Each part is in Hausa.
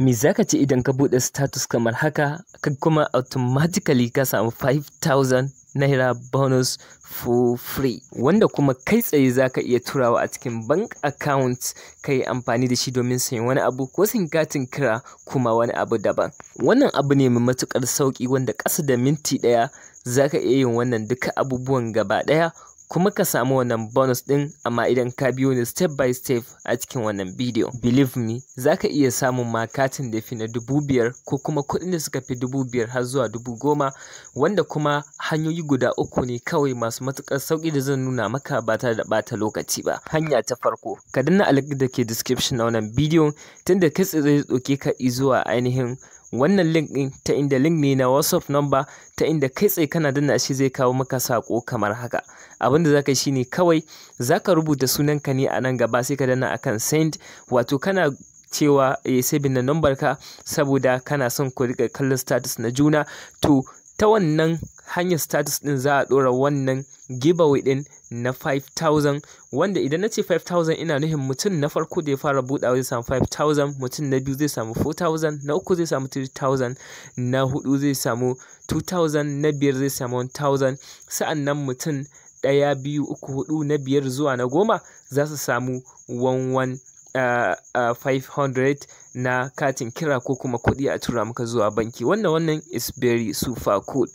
me za ka ce idan ka buɗe status kamar haka ka kuma automatically ka samu 5000 naira bonus for free wanda kuma kai tsaye za ka iya turawa a cikin bank account ka yi amfani da shi domin sayan wani abu ko sayan katin kira kuma wani abu daban wannan abu ne mai matukar sauki wanda ƙasa da minti ɗaya za ka iya yin wannan duka abubuwan gaba ɗaya kuma ka samu wannan bonus ɗin amma idan ka biyo ni step by step a cikin wannan bidiyo. Believe me, za ka iya samun ma katin da fi na dubu biyar ko kuma kuɗin da suka fi dubu biyar har zuwa dubu goma wanda kuma hanyoyi guda uku ne kawai masu matuƙar sauƙi da zan nuna maka ba tare da ɓata lokaci ba. Hanya ta farko, ka danna alaƙa da ke description na wannan bidiyo tunda kai tsaye zai ɗauke ka zuwa ainihin wannan link ɗin ta inda link ne na whatsapp number ta inda kai tsaye kana danna shi zai kawo maka sako kamar haka abin da zaka shine kawai zaka rubuta sunan ka ne a nan gaba sai ka danna akan send wato kana cewa ya eh, sabin da number ka saboda kana son ku rika kallon status na juna to ta wannan hanyar status din za a ɗora wannan giveaway din na 5000 wanda idan na ce 5000 ina nufin mutum na farko da ya fara buɗawa zai samu 5000 mutum na biyu zai samu 4000 na uku zai samu 3000 na hudu zai samu 2000 na biyar zai samu 1000 sa'annan mutum ɗaya biyu uku hudu na biyar zuwa na goma za su samu 11 Uh, uh, 500 na katin kira ko kuma kuɗi a tura maka zuwa banki wannan wannan is very super cool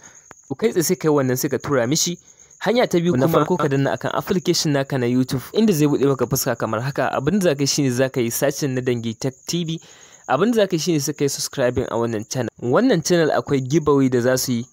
to kai tsaye sai kai wannan sai ka tura mishi hanya ta biyu kuma farko ka danna akan application naka na YouTube inda zai bude maka fuska kamar haka abin da zaka yi shine zaka yi searching na dangi Tech TV abin da zaka yi shine sai kai subscribing a wannan channel wannan channel akwai giveaway da za su yi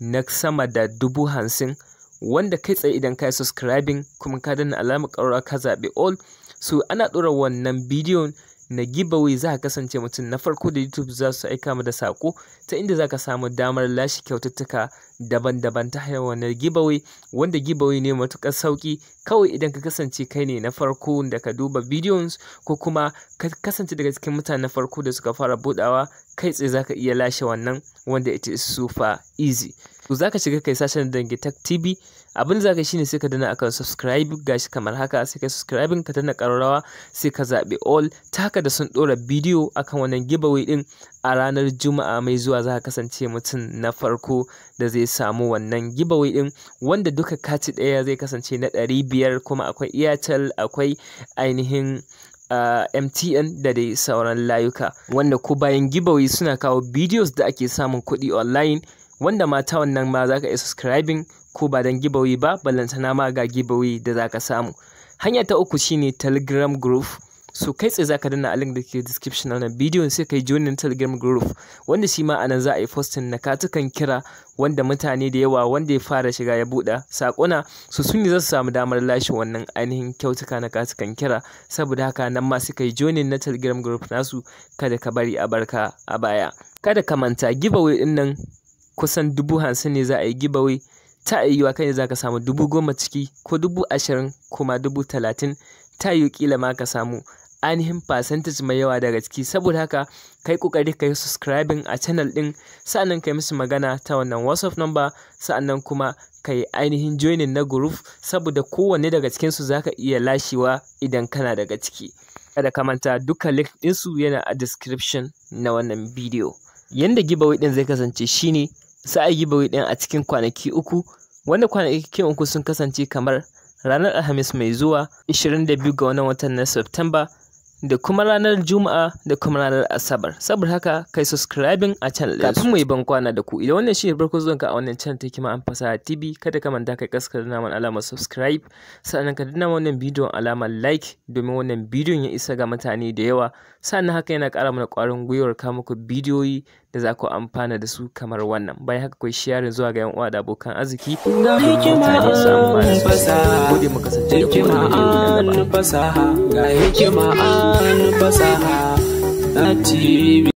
na sama da dubu hamsin wanda kai tsaye idan ka yi subscribing kuma ka danna alamar ƙaura ka zaɓi all so ana ɗora wannan bidiyon na giveaway za ka kasance mutum na farko da YouTube za su aika mu da sako ta inda za ka samu damar lashe kyaututtuka daban-daban ta hanyar wannan giveaway wanda giveaway ne matuƙar sauki kawai idan ka kasance kai ne na farko da ka duba videos ko kuma ka kasance daga cikin mutane na farko da suka fara budawa kai tsaye za ka iya lashe wannan wanda ita is super easy to za ka shiga kai sashen dangi tech tv abin za ka shine sai ka dana akan subscribe gashi kamar haka sai ka subscribe ka dana kararrawa sai ka zaɓi all taka da sun ɗora bidiyo akan wannan giveaway din a ranar juma'a mai zuwa za ka kasance mutum na farko da zai samu wannan giveaway din wanda duka kati daya zai kasance na ɗari biyar kuma akwai airtel akwai ainihin Uh, ah, MTN da dai sauran layuka wanda ko bayan giveaway suna kawo videos da ake samun kuɗi online wanda mata wannan ma za ka yi subscribing ko ba don giveaway ba ballantana ma ga giveaway da za ka samu hanya ta uku shine telegram group so kai tsaye zaka danna a link da ke description na video sai kai joinin telegram group wanda shi ma za a yi posting na katukan kira wanda mutane da yawa wanda ya fara shiga ya buɗa sakuna su sun yi za su samu damar lashe wannan ainihin kyautuka na katukan kira saboda haka nan ma suka yi joinin na telegram group nasu kada ka bari a barka a baya kada ka manta giveaway din nan kusan dubu hamsin ne za a yi giveaway ta yiwuwa kai za ka samu dubu goma ciki ko dubu ashirin kuma dubu talatin ta yiwu kila ma ka samu ainihin percentage mai yawa daga ciki saboda haka kai kokari yi subscribing a channel din sa'annan kai musu magana ta wannan whatsapp number sa'annan kuma kai ainihin joining na group saboda kowanne daga cikin su zaka iya lashewa idan kana daga ciki kada ka manta dukkan link din su yana a description na wannan bidiyo yanda giveaway din zai kasance shine sai a yi buri ɗin a cikin kwanaki uku wanda kwanaki uku sun kasance kamar ranar Alhamis mai zuwa 22 ga wannan watan na Satumba da kuma ranar Juma'a da kuma ranar Asabar. Saboda haka kai subscribing a channel ɗinsu. Kafin mu yi bankwana da ku idan wannan shi ne farko zuwan ka a wannan channel ta ma an fasa TV kada ka manta kai kaskar na naman alamar subscribe sannan ka danna wannan bidiyon alamar like domin wannan bidiyon ya isa ga mutane da yawa sannan haka yana ƙara mana ƙwarin gwiwar ka muku bidiyoyi da za ku amfana da su kamar wannan bayan haka kai sharing zuwa ga yan uwa da abokan arziki da mutane su amfana da su. Gode mu kasance da kuma da fasaha ga hikima fasaha na TV.